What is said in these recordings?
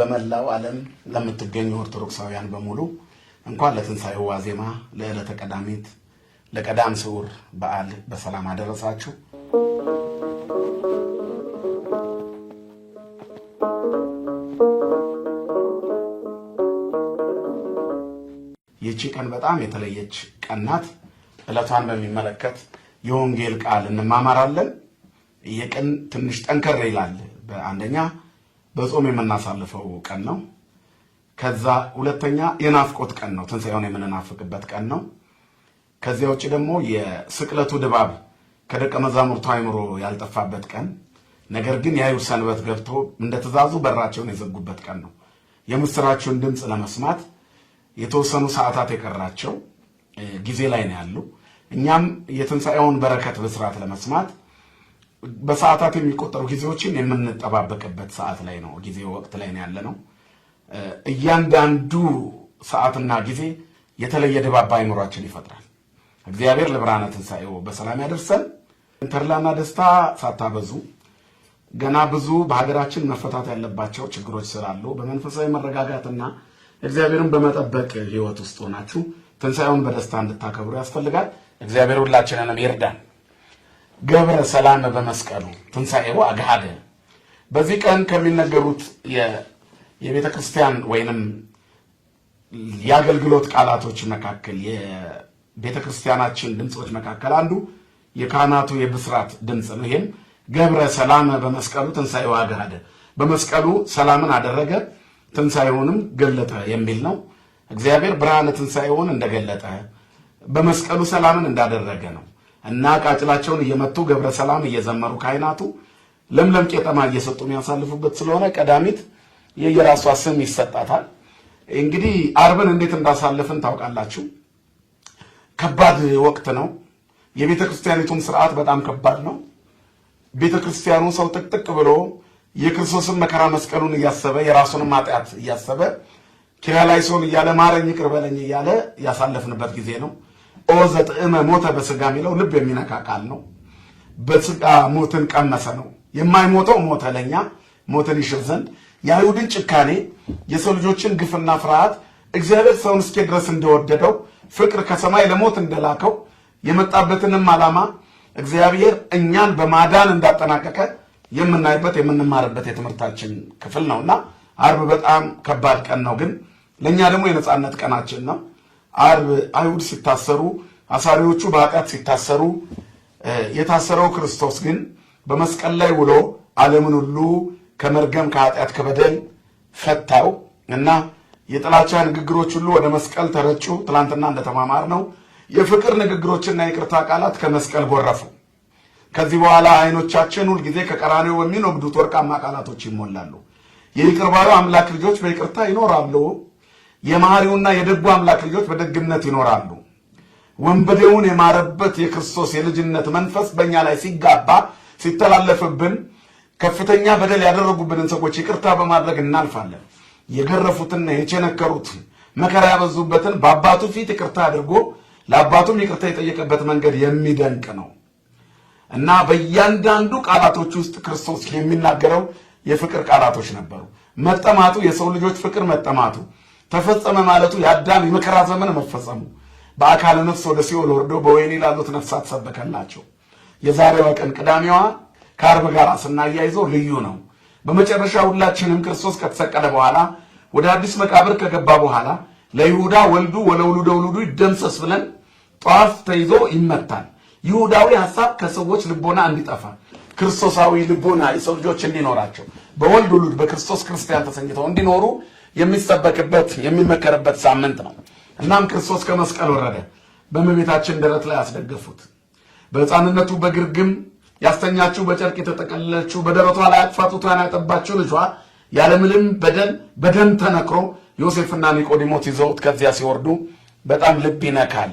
በመላው ዓለም ለምትገኙ ኦርቶዶክሳውያን በሙሉ እንኳን ለትንሣኤው ዋዜማ ለዕለተ ቀዳሚት ለቀዳም ስዑር በዓል በሰላም አደረሳችሁ። ይቺ ቀን በጣም የተለየች ቀን ናት። ዕለቷን በሚመለከት የወንጌል ቃል እንማማራለን። የቀን ትንሽ ጠንከር ይላል። በአንደኛ በጾም የምናሳልፈው ቀን ነው። ከዛ ሁለተኛ የናፍቆት ቀን ነው። ትንሣኤውን የምንናፍቅበት ቀን ነው። ከዚያ ውጭ ደግሞ የስቅለቱ ድባብ ከደቀ መዛሙርቱ አይምሮ ያልጠፋበት ቀን፣ ነገር ግን የአይሁድ ሰንበት ገብቶ እንደ ትእዛዙ በራቸውን የዘጉበት ቀን ነው። የምስራቸውን ድምፅ ለመስማት የተወሰኑ ሰዓታት የቀራቸው ጊዜ ላይ ነው ያሉ። እኛም የትንሣኤውን በረከት ብስራት ለመስማት በሰዓታት የሚቆጠሩ ጊዜዎችን የምንጠባበቅበት ሰዓት ላይ ነው፣ ጊዜ ወቅት ላይ ነው ያለ ነው። እያንዳንዱ ሰዓትና ጊዜ የተለየ ድባብ አይኖራችን ይፈጥራል። እግዚአብሔር ለብርሃነ ትንሣኤው በሰላም ያደርሰን። ተድላና ደስታ ሳታበዙ ገና ብዙ በሀገራችን መፈታት ያለባቸው ችግሮች ስላሉ በመንፈሳዊ መረጋጋትና እግዚአብሔርን በመጠበቅ ህይወት ውስጥ ሆናችሁ ትንሣኤውን በደስታ እንድታከብሩ ያስፈልጋል። እግዚአብሔር ሁላችንንም ይርዳን። ገብረ ሰላም በመስቀሉ ትንሣኤው አግሃደ በዚህ ቀን ከሚነገሩት የቤተ ክርስቲያን ወይንም የአገልግሎት ቃላቶች መካከል የቤተ ክርስቲያናችን ድምፆች መካከል አንዱ የካህናቱ የብስራት ድምፅ ነው። ይህም ገብረ ሰላም በመስቀሉ ትንሣኤው አግሃደ በመስቀሉ ሰላምን አደረገ ትንሣኤውንም ገለጠ የሚል ነው። እግዚአብሔር ብርሃነ ትንሣኤውን እንደገለጠ በመስቀሉ ሰላምን እንዳደረገ ነው። እና ቃጭላቸውን እየመቱ ገብረ ሰላም እየዘመሩ ካህናቱ ለምለም ቄጠማ እየሰጡ የሚያሳልፉበት ስለሆነ ቀዳሚት የየራሷ ስም ይሰጣታል። እንግዲህ አርብን እንዴት እንዳሳለፍን ታውቃላችሁ። ከባድ ወቅት ነው። የቤተ ክርስቲያኒቱን ስርዓት በጣም ከባድ ነው። ቤተ ክርስቲያኑ ሰው ጥቅጥቅ ብሎ የክርስቶስን መከራ መስቀሉን እያሰበ የራሱንም ኃጢአት እያሰበ ኪርያላይሶን እያለ ማረኝ ይቅር በለኝ እያለ ያሳለፍንበት ጊዜ ነው። ኦ ዘጥዕመ ሞተ በስጋ የሚለው ልብ የሚነካ ቃል ነው። በስጋ ሞትን ቀመሰ ነው። የማይሞተው ሞተ ለእኛ ሞትን ይሽር ዘንድ የአይሁድን ጭካኔ፣ የሰው ልጆችን ግፍና ፍርሃት እግዚአብሔር ሰውን እስኪ ድረስ እንደወደደው ፍቅር ከሰማይ ለሞት እንደላከው የመጣበትንም ዓላማ እግዚአብሔር እኛን በማዳን እንዳጠናቀቀ የምናይበት የምንማርበት የትምህርታችን ክፍል ነውና አርብ በጣም ከባድ ቀን ነው፣ ግን ለእኛ ደግሞ የነፃነት ቀናችን ነው። አርብ አይሁድ ሲታሰሩ፣ አሳሪዎቹ በኃጢአት ሲታሰሩ፣ የታሰረው ክርስቶስ ግን በመስቀል ላይ ውሎ ዓለምን ሁሉ ከመርገም ከኃጢአት ከበደል ፈታው እና የጥላቻ ንግግሮች ሁሉ ወደ መስቀል ተረጩ። ትላንትና እንደተማማር ነው። የፍቅር ንግግሮችና የቅርታ ቃላት ከመስቀል ጎረፉ። ከዚህ በኋላ አይኖቻችን ሁልጊዜ ከቀራኔው በሚኖብዱት ወርቃማ ቃላቶች ይሞላሉ። የይቅር ባዩ አምላክ ልጆች በይቅርታ ይኖራሉ። የማሪውና የደጉ አምላክ ልጆች በደግነት ይኖራሉ። ወንበዴውን የማረበት የክርስቶስ የልጅነት መንፈስ በእኛ ላይ ሲጋባ ሲተላለፍብን ከፍተኛ በደል ያደረጉብንን ሰዎች ይቅርታ በማድረግ እናልፋለን። የገረፉትና የቸነከሩት መከራ ያበዙበትን በአባቱ ፊት ይቅርታ አድርጎ ለአባቱም ይቅርታ የጠየቀበት መንገድ የሚደንቅ ነው እና በእያንዳንዱ ቃላቶች ውስጥ ክርስቶስ የሚናገረው የፍቅር ቃላቶች ነበሩ። መጠማቱ የሰው ልጆች ፍቅር መጠማቱ ተፈጸመ ማለቱ የአዳም የመከራ ዘመን መፈጸሙ በአካል ነፍስ ወደ ሲኦል ወርዶ በወይኒ ላሉት ነፍሳት ሰበከላቸው። የዛሬዋ ቀን ቅዳሜዋ ከአርብ ጋር ስናያይዘው ልዩ ነው። በመጨረሻ ሁላችንም ክርስቶስ ከተሰቀለ በኋላ ወደ አዲስ መቃብር ከገባ በኋላ ለይሁዳ ወልዱ ወለውሉደ ውሉዱ ይደምሰስ ብለን ጠዋፍ ተይዞ ይመታል። ይሁዳዊ ሐሳብ ከሰዎች ልቦና እንዲጠፋ ክርስቶሳዊ ልቦና የሰው ልጆች እንዲኖራቸው በወልድ ውሉድ በክርስቶስ ክርስቲያን ተሰኝተው እንዲኖሩ የሚሰበክበት የሚመከርበት ሳምንት ነው። እናም ክርስቶስ ከመስቀል ወረደ፣ በእመቤታችን ደረት ላይ አስደገፉት። በሕፃንነቱ በግርግም ያስተኛችው በጨርቅ የተጠቀለለችው በደረቷ ላይ አቅፋ ጡቷን ያጠባችው ልጇ ያለምንም በደል በደም ተነክሮ ዮሴፍና ኒቆዲሞስ ይዘውት ከዚያ ሲወርዱ በጣም ልብ ይነካል።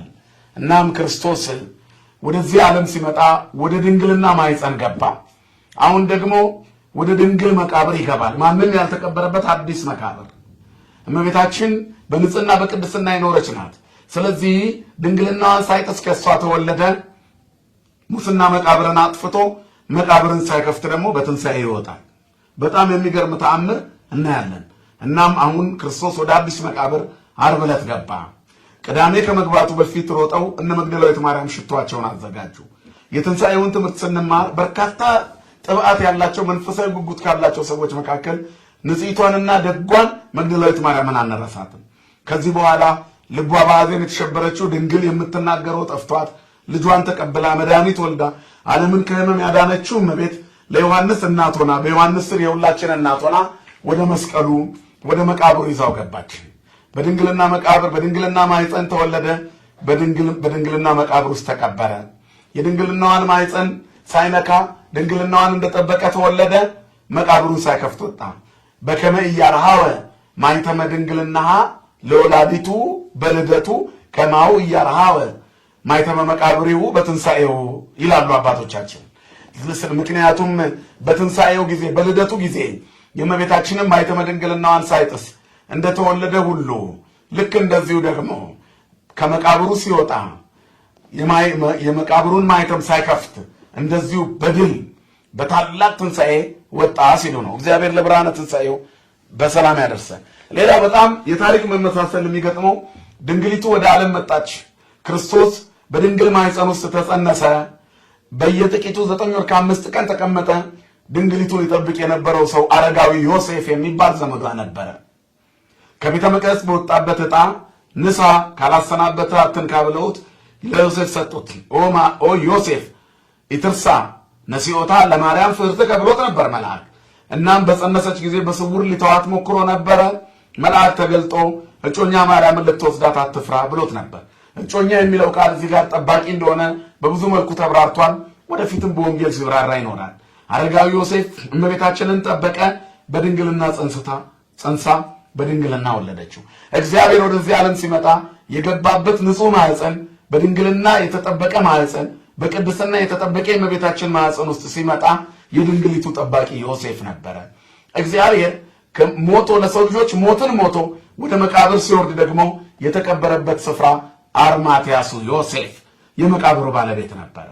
እናም ክርስቶስ ወደዚህ ዓለም ሲመጣ ወደ ድንግልና ማይፀን ገባ። አሁን ደግሞ ወደ ድንግል መቃብር ይገባል። ማንም ያልተቀበረበት አዲስ መቃብር እመቤታችን በንጽህና በቅድስና የኖረች ናት። ስለዚህ ድንግልናዋን ሳይጥስ ከእሷ ተወለደ። ሙስና መቃብርን አጥፍቶ መቃብርን ሳይከፍት ደግሞ በትንሣኤ ይወጣል። በጣም የሚገርም ተአምር እናያለን። እናም አሁን ክርስቶስ ወደ አዲስ መቃብር ዓርብ ዕለት ገባ። ቅዳሜ ከመግባቱ በፊት ሮጠው እነ መግደላዊት ማርያም ሽቷቸውን አዘጋጁ። የትንሣኤውን ትምህርት ስንማር በርካታ ጥብዓት ያላቸው መንፈሳዊ ጉጉት ካላቸው ሰዎች መካከል ንጽሕቷንና ደጓን መግደላዊት ማርያምን አነረሳትም። ከዚህ በኋላ ልቧ በሐዘን የተሸበረችው ድንግል የምትናገረው ጠፍቷት ልጇን ተቀብላ መድኃኒት ወልዳ ዓለምን ከህመም ያዳነችው እመቤት ለዮሐንስ እናት ሆና በዮሐንስ ስር የሁላችን እናት ሆና ወደ መስቀሉ ወደ መቃብሩ ይዛው ገባች። በድንግልና መቃብር በድንግልና ማይፀን ተወለደ። በድንግልና መቃብር ውስጥ ተቀበረ። የድንግልናዋን ማይፀን ሳይነካ ድንግልናዋን እንደጠበቀ ተወለደ። መቃብሩን ሳይከፍት ወጣ። በከመ እያርሃወ ማይተመ ድንግልናሃ ለወላዲቱ በልደቱ ከማው እያርሃወ ማይተመ መቃብሪው በትንሣኤው ይላሉ አባቶቻችን። ምክንያቱም በትንሣኤው ጊዜ በልደቱ ጊዜ የእመቤታችንም ማይተመ ድንግልናዋን ሳይጥስ እንደተወለደ ሁሉ ልክ እንደዚሁ ደግሞ ከመቃብሩ ሲወጣ የመቃብሩን ማይተም ሳይከፍት እንደዚሁ በድል በታላቅ ትንሣኤ ወጣ ሲሉ ነው። እግዚአብሔር ለብርሃነ ትንሣኤው በሰላም ያደርሰን። ሌላ በጣም የታሪክ መመሳሰል የሚገጥመው ድንግሊቱ ወደ ዓለም መጣች፣ ክርስቶስ በድንግል ማኅፀን ውስጥ ተጸነሰ። በየጥቂቱ ዘጠኝ ወር ከአምስት ቀን ተቀመጠ። ድንግሊቱን ይጠብቅ የነበረው ሰው አረጋዊ ዮሴፍ የሚባል ዘመዷ ነበረ። ከቤተ መቅደስ በወጣበት ዕጣ ንሳ ካላሰናበተ አትንካ ብለውት ለዮሴፍ ሰጡት። ኦ ዮሴፍ ኢትርሳ ነሲኦታ ለማርያም ፍርት ብሎት ነበር መልአክ። እናም በጸነሰች ጊዜ በስውር ሊተዋት ሞክሮ ነበረ። መልአክ ተገልጦ እጮኛ ማርያምን ልትወስዳት አትፍራ ብሎት ነበር። እጮኛ የሚለው ቃል እዚህ ጋር ጠባቂ እንደሆነ በብዙ መልኩ ተብራርቷል። ወደፊትም በወንጌል ሲብራራ ይኖራል። አረጋዊ ዮሴፍ እመቤታችንን ጠበቀ። በድንግልና ጸንስታ ጸንሳ በድንግልና ወለደችው። እግዚአብሔር ወደዚህ ዓለም ሲመጣ የገባበት ንጹሕ ማዕፀን፣ በድንግልና የተጠበቀ ማዕፀን በቅድስና የተጠበቀ የእመቤታችን ማዕፀን ውስጥ ሲመጣ የድንግሊቱ ጠባቂ ዮሴፍ ነበረ። እግዚአብሔር ሞቶ ለሰው ልጆች ሞትን ሞቶ ወደ መቃብር ሲወርድ ደግሞ የተቀበረበት ስፍራ አርማትያሱ ዮሴፍ የመቃብሩ ባለቤት ነበረ።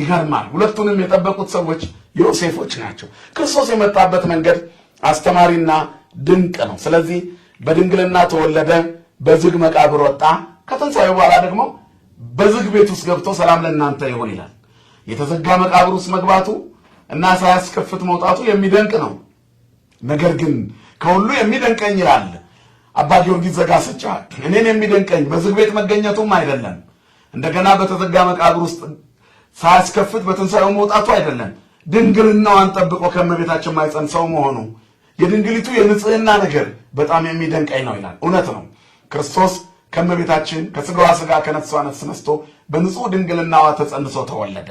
ይገርማል። ሁለቱንም የጠበቁት ሰዎች ዮሴፎች ናቸው። ክርስቶስ የመጣበት መንገድ አስተማሪና ድንቅ ነው። ስለዚህ በድንግልና ተወለደ፣ በዝግ መቃብር ወጣ፣ ከትንሣኤው በኋላ ደግሞ በዝግ ቤት ውስጥ ገብቶ ሰላም ለእናንተ ይሁን ይላል። የተዘጋ መቃብር ውስጥ መግባቱ እና ሳያስከፍት መውጣቱ የሚደንቅ ነው። ነገር ግን ከሁሉ የሚደንቀኝ ይላል አባ ጊዮርጊስ ዘጋስጫ፣ እኔን የሚደንቀኝ በዝግ ቤት መገኘቱም አይደለም፣ እንደገና በተዘጋ መቃብር ውስጥ ሳያስከፍት በትንሣኤው መውጣቱ አይደለም፣ ድንግልናዋን ጠብቆ ከእመቤታችን ማኅፀን ሰው መሆኑ የድንግሊቱ የንጽህና ነገር በጣም የሚደንቀኝ ነው ይላል። እውነት ነው ክርስቶስ ከመቤታችን ከስጋዋ ስጋ ከነፍሷ ነፍስ ነስቶ በንጹህ ድንግልናዋ ተጸንሶ ተወለደ።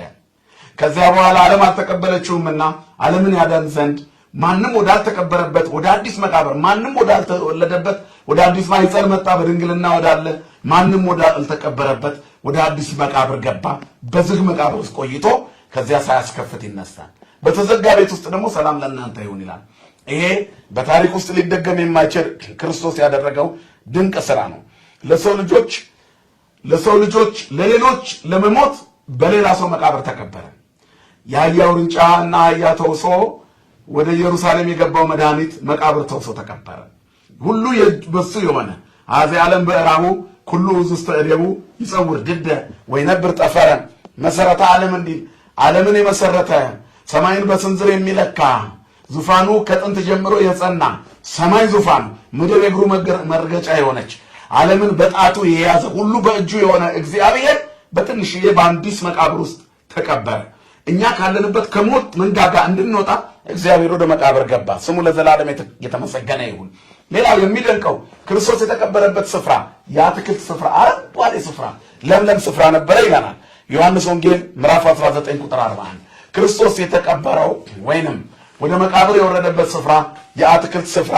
ከዚያ በኋላ ዓለም አልተቀበለችውምና ዓለምን ያዳን ዘንድ ማንም ወዳልተቀበረበት ወደ አዲስ መቃብር ማንም ወዳልተወለደበት ወደ አዲስ ማኅፀን መጣ። በድንግልና ወዳለ ማንም ወዳልተቀበረበት ወደ አዲስ መቃብር ገባ። በዝግ መቃብር ውስጥ ቆይቶ ከዚያ ሳያስከፍት ይነሳል። በተዘጋ ቤት ውስጥ ደግሞ ሰላም ለእናንተ ይሁን ይላል። ይሄ በታሪክ ውስጥ ሊደገም የማይችል ክርስቶስ ያደረገው ድንቅ ስራ ነው። ለሰው ልጆች ለሰው ልጆች ለሌሎች ለመሞት በሌላ ሰው መቃብር ተቀበረ። የአህያ ውርንጫ እና አህያ ተውሶ ወደ ኢየሩሳሌም የገባው መድኃኒት መቃብር ተውሶ ተቀበረ። ሁሉ በሱ የሆነ አዚ ዓለም በእራሙ ኩሉ ውእቱ እደቡ ይጸውር ድደ ነብር ጠፈረ መሰረተ ዓለም እንዲል ዓለምን የመሰረተ ሰማይን በስንዝር የሚለካ ዙፋኑ ከጥንት ጀምሮ የጸና ሰማይ ዙፋን ምድር የእግሩ መርገጫ የሆነች ዓለምን በጣቱ የያዘ ሁሉ በእጁ የሆነ እግዚአብሔር በትንሽዬ በአንዲስ መቃብር ውስጥ ተቀበረ። እኛ ካለንበት ከሞት መንጋጋ እንድንወጣ እግዚአብሔር ወደ መቃብር ገባ። ስሙ ለዘላለም የተመሰገነ ይሁን። ሌላው የሚደንቀው ክርስቶስ የተቀበረበት ስፍራ የአትክልት ስፍራ፣ አረንጓዴ ስፍራ፣ ለምለም ስፍራ ነበረ ይለናል ዮሐንስ ወንጌል ምዕራፍ 19 ቁጥር 41። ክርስቶስ የተቀበረው ወይንም ወደ መቃብር የወረደበት ስፍራ የአትክልት ስፍራ፣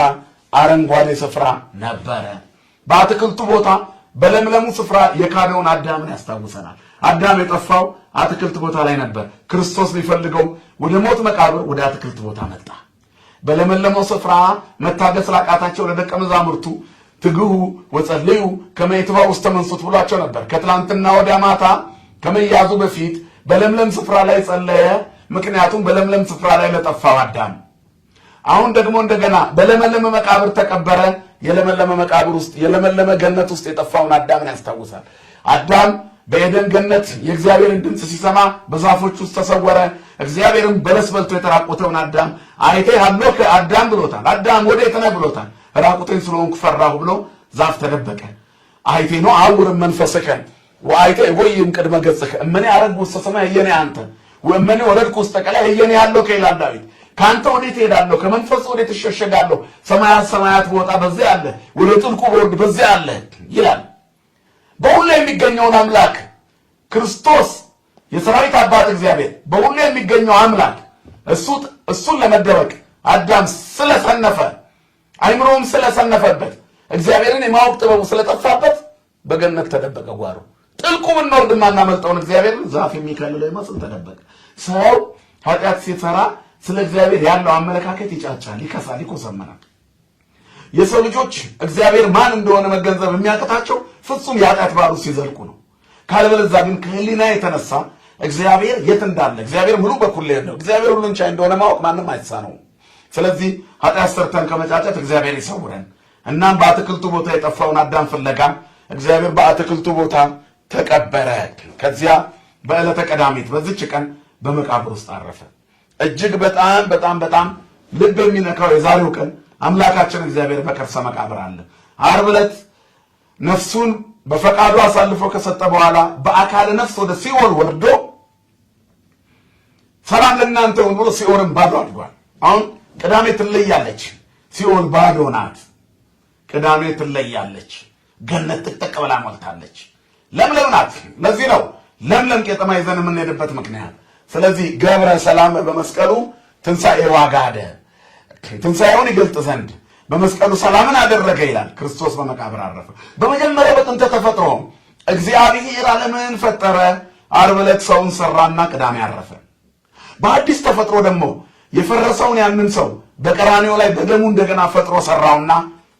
አረንጓዴ ስፍራ ነበረ። በአትክልቱ ቦታ በለምለሙ ስፍራ የካደውን አዳምን ያስታውሰናል። አዳም የጠፋው አትክልት ቦታ ላይ ነበር። ክርስቶስ ሊፈልገው ወደ ሞት መቃብር ወደ አትክልት ቦታ መጣ። በለመለመው ስፍራ መታገስ ላቃታቸው ለደቀ መዛሙርቱ ትግሁ ወጸልዩ ከመ ይትባኡ ውስተ መንሱት ብሏቸው ነበር። ከትላንትና ወዲያ ማታ ከመያዙ በፊት በለምለም ስፍራ ላይ ጸለየ። ምክንያቱም በለምለም ስፍራ ላይ ለጠፋው አዳም። አሁን ደግሞ እንደገና በለመለመ መቃብር ተቀበረ። የለመለመ መቃብር ውስጥ የለመለመ ገነት ውስጥ የጠፋውን አዳምን ያስታውሳል። አዳም በኤደን ገነት የእግዚአብሔርን ድምፅ ሲሰማ በዛፎች ውስጥ ተሰወረ። እግዚአብሔርን በለስ በልቶ የተራቆተውን አዳም አይቴ ሀሎከ አዳም ብሎታል። አዳም ወዴት ነህ ብሎታል። ራቁቴን ስለሆንኩ ፈራሁ ብሎ ዛፍ ተደበቀ። አይቴ ነው አውርም መንፈስከን ወአይቴ ወይም ቅድመ ገጽከ እመኔ አረግ ውስተ ሰማይ የኔ አንተ ወእመኔ ወረድኩ ውስተ ቀላይ የኔ ያለው ከይላል ዳዊት ከአንተ ወዴት እሄዳለሁ? ከመንፈስ ወዴት እሸሸጋለሁ? ሰማያት ሰማያት ቦታ በዚያ አለ፣ ወደ ጥልቁ በወርድ በዚያ አለ ይላል። በሁሉ የሚገኘውን አምላክ ክርስቶስ የሰራዊት አባት እግዚአብሔር በሁሉ የሚገኘው አምላክ እሱን ለመደበቅ አዳም ስለሰነፈ አይምሮውም ስለሰነፈበት እግዚአብሔርን የማወቅ ጥበቡ ስለጠፋበት በገነት ተደበቀ ጓሮ ጥልቁ ብንወርድ የማናመልጠውን እግዚአብሔርን ዛፍ የሚከልለው ይመስል ተደበቀ። ሰው ኃጢአት ሲሰራ ስለ እግዚአብሔር ያለው አመለካከት ይጫጫል፣ ይከሳል፣ ይኮሰመናል። የሰው ልጆች እግዚአብሔር ማን እንደሆነ መገንዘብ የሚያቅታቸው ፍጹም የኃጢአት ባህሩ ሲዘልቁ ነው። ካልበለዚያ ግን ከህሊና የተነሳ እግዚአብሔር የት እንዳለ እግዚአብሔር ሙሉ በኩል ነው እግዚአብሔር ሁሉን ቻይ እንደሆነ ማወቅ ማንም አይሳነውም። ስለዚህ ኃጢአት ሰርተን ከመጫጨት እግዚአብሔር ይሰውረን። እናም በአትክልቱ ቦታ የጠፋውን አዳም ፍለጋ እግዚአብሔር በአትክልቱ ቦታ ተቀበረ። ከዚያ በዕለተ ቀዳሚት በዚች ቀን በመቃብር ውስጥ አረፈ። እጅግ በጣም በጣም በጣም ልብ የሚነካው የዛሬው ቀን አምላካችን እግዚአብሔር በከርሰ መቃብር አለ። ዓርብ ዕለት ነፍሱን በፈቃዱ አሳልፎ ከሰጠ በኋላ በአካል ነፍስ ወደ ሲኦል ወርዶ ሰላም ለእናንተ ሆን ብሎ ሲኦልን ባዶ አድርጓል። አሁን ቅዳሜ ትለያለች፣ ሲኦል ባዶ ናት። ቅዳሜ ትለያለች፣ ገነት ጥቅጥቅ ብላ ሞልታለች፣ ለምለም ናት። ለዚህ ነው ለምለም ቄጠማ ይዘን የምንሄድበት ምክንያት ስለዚህ ገብረ ሰላም በመስቀሉ ትንሣኤ ዋጋደ ትንሣኤውን ይገልጥ ዘንድ በመስቀሉ ሰላምን አደረገ ይላል። ክርስቶስ በመቃብር አረፈ። በመጀመሪያ በጥንተ ተፈጥሮ እግዚአብሔር ዓለምን ፈጠረ። ዓርብ ዕለት ሰውን ሰራና ቅዳሜ አረፈ። በአዲስ ተፈጥሮ ደግሞ የፈረሰውን ያንን ሰው በቀራኔው ላይ በደሙ እንደገና ፈጥሮ ሰራውና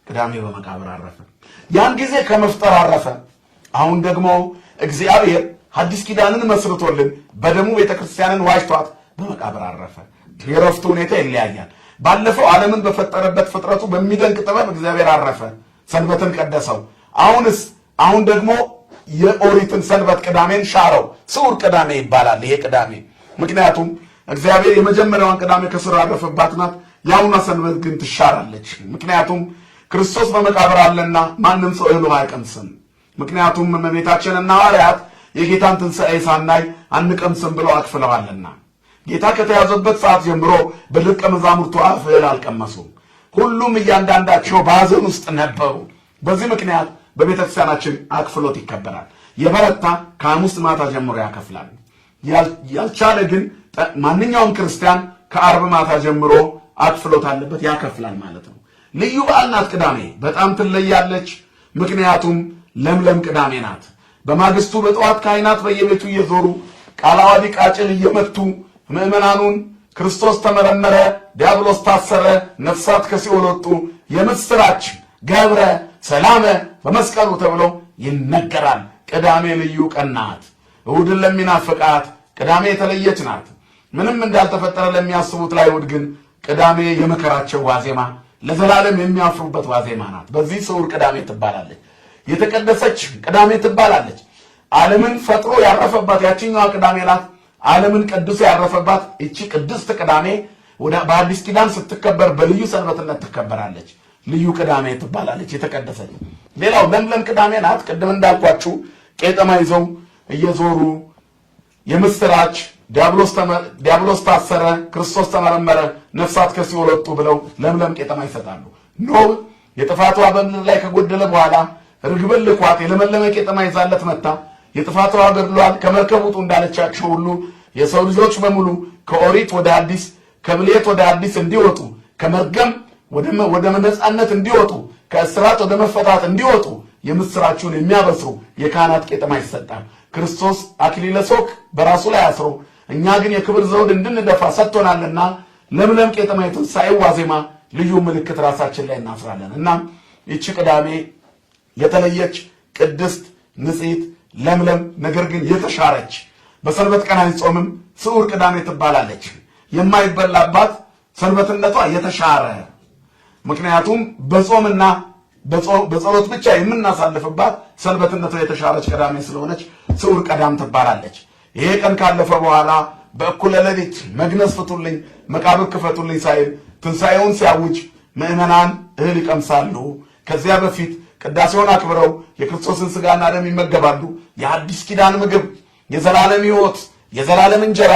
ቅዳሜ በመቃብር አረፈ። ያን ጊዜ ከመፍጠር አረፈ። አሁን ደግሞ እግዚአብሔር ሐዲስ ኪዳንን መስርቶልን በደሙ ቤተክርስቲያንን ዋጅቷት በመቃብር አረፈ። የረፍቱ ሁኔታ ይለያያል። ባለፈው ዓለምን በፈጠረበት ፍጥረቱ በሚደንቅ ጥበብ እግዚአብሔር አረፈ፣ ሰንበትን ቀደሰው። አሁንስ አሁን ደግሞ የኦሪትን ሰንበት ቅዳሜን ሻረው። ስዑር ቅዳሜ ይባላል ይሄ ቅዳሜ። ምክንያቱም እግዚአብሔር የመጀመሪያዋን ቅዳሜ ከስር አረፈባት ናት። የአሁኗ ሰንበት ግን ትሻራለች። ምክንያቱም ክርስቶስ በመቃብር አለና ማንም ሰው እህሉ አይቀምስም። ምክንያቱም እመቤታችንና ሐዋርያት የጌታን ትንሣኤ ሳናይ አንቀምስም ብለው አክፍለዋልና ጌታ ከተያዘበት ሰዓት ጀምሮ በደቀ መዛሙርቱ አፍ እህል አልቀመሱም። ሁሉም እያንዳንዳቸው በሐዘን ውስጥ ነበሩ። በዚህ ምክንያት በቤተ ክርስቲያናችን አክፍሎት ይከበራል። የበረታ ከሐሙስ ማታ ጀምሮ ያከፍላል። ያልቻለ ግን ማንኛውም ክርስቲያን ከአርብ ማታ ጀምሮ አክፍሎት አለበት፣ ያከፍላል ማለት ነው። ልዩ በዓል ናት ቅዳሜ። በጣም ትለያለች፣ ምክንያቱም ለምለም ቅዳሜ ናት። በማግስቱ በጠዋት ካህናት በየቤቱ እየዞሩ ቃለ ዓዋዲ ቃጭል እየመቱ ምእመናኑን ክርስቶስ ተመረመረ፣ ዲያብሎስ ታሰረ፣ ነፍሳት ከሲኦል ወጡ፣ የምስራች ገብረ ሰላመ በመስቀሉ ተብሎ ይነገራል። ቅዳሜ ልዩ ቀን ናት። እሁድን ለሚናፍቃት ቅዳሜ የተለየች ናት። ምንም እንዳልተፈጠረ ለሚያስቡት ላይ እሁድ ግን ቅዳሜ የመከራቸው ዋዜማ፣ ለዘላለም የሚያፍሩበት ዋዜማ ናት። በዚህ ስዑር ቅዳሜ ትባላለች። የተቀደሰች ቅዳሜ ትባላለች። ዓለምን ፈጥሮ ያረፈባት ያችኛዋ ቅዳሜ ናት። ዓለምን ቀድሶ ያረፈባት እቺ ቅድስት ቅዳሜ በአዲስ ኪዳን ስትከበር በልዩ ሰንበትነት ትከበራለች። ልዩ ቅዳሜ ትባላለች፣ የተቀደሰች። ሌላው ለምለም ቅዳሜ ናት። ቅድም እንዳልኳችሁ ቄጠማ ይዘው እየዞሩ የምስራች ዲያብሎስ ታሰረ፣ ክርስቶስ ተመረመረ፣ ነፍሳት ከሲኦል ወጡ ብለው ለምለም ቄጠማ ይሰጣሉ። ኖህ የጥፋቷ በምድር ላይ ከጎደለ በኋላ ርግብን ልኳት የለመለመ ቄጠማ ይዛለት መታ የጥፋቷ ገድሏት ከመርከብ ውጡ እንዳለቻቸው ሁሉ የሰው ልጆች በሙሉ ከኦሪት ወደ አዲስ ከብሌት ወደ አዲስ እንዲወጡ ከመርገም ወደ ነፃነት እንዲወጡ ከእስራት ወደ መፈታት እንዲወጡ የምስራችሁን የሚያበስሩ የካህናት ቄጠማ ይሰጣል። ክርስቶስ አክሊለ ሦክ በራሱ ላይ አስሮ እኛ ግን የክብር ዘውድ እንድንደፋ ሰጥቶናልና ለምለም ቄጠማ የትንሣኤው ዋዜማ ልዩ ምልክት ራሳችን ላይ እናስራለን። እናም ይቺ ቅዳሜ የተለየች ቅድስት ንጽሕት ለምለም ነገር ግን የተሻረች በሰንበት ቀን አይጾምም ስዑር ቅዳሜ ትባላለች። የማይበላባት ሰንበትነቷ የተሻረ ምክንያቱም በጾምና በጸሎት ብቻ የምናሳልፍባት ሰንበትነቷ የተሻረች ቅዳሜ ስለሆነች ስዑር ቀዳም ትባላለች። ይሄ ቀን ካለፈ በኋላ በእኩለ ሌሊት መግነዝ ፍቱልኝ፣ መቃብር ክፈቱልኝ ሳይል ትንሣኤውን ሲያውጅ ምእመናን እህል ይቀምሳሉ። ከዚያ በፊት ቅዳሴውን አክብረው የክርስቶስን ስጋና ደም ይመገባሉ። የአዲስ ኪዳን ምግብ፣ የዘላለም ህይወት የዘላለም እንጀራ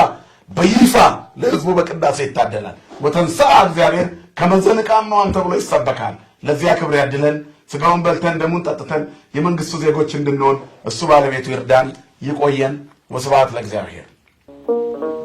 በይፋ ለህዝቡ በቅዳሴ ይታደላል። ወተንሥአ እግዚአብሔር ከመዘንቃማዋም ተብሎ ይሰበካል። ለዚያ ክብር ያድለን። ስጋውን በልተን ደሙን ጠጥተን የመንግስቱ ዜጎች እንድንሆን እሱ ባለቤቱ ይርዳን። ይቆየን። ወስብሐት ለእግዚአብሔር።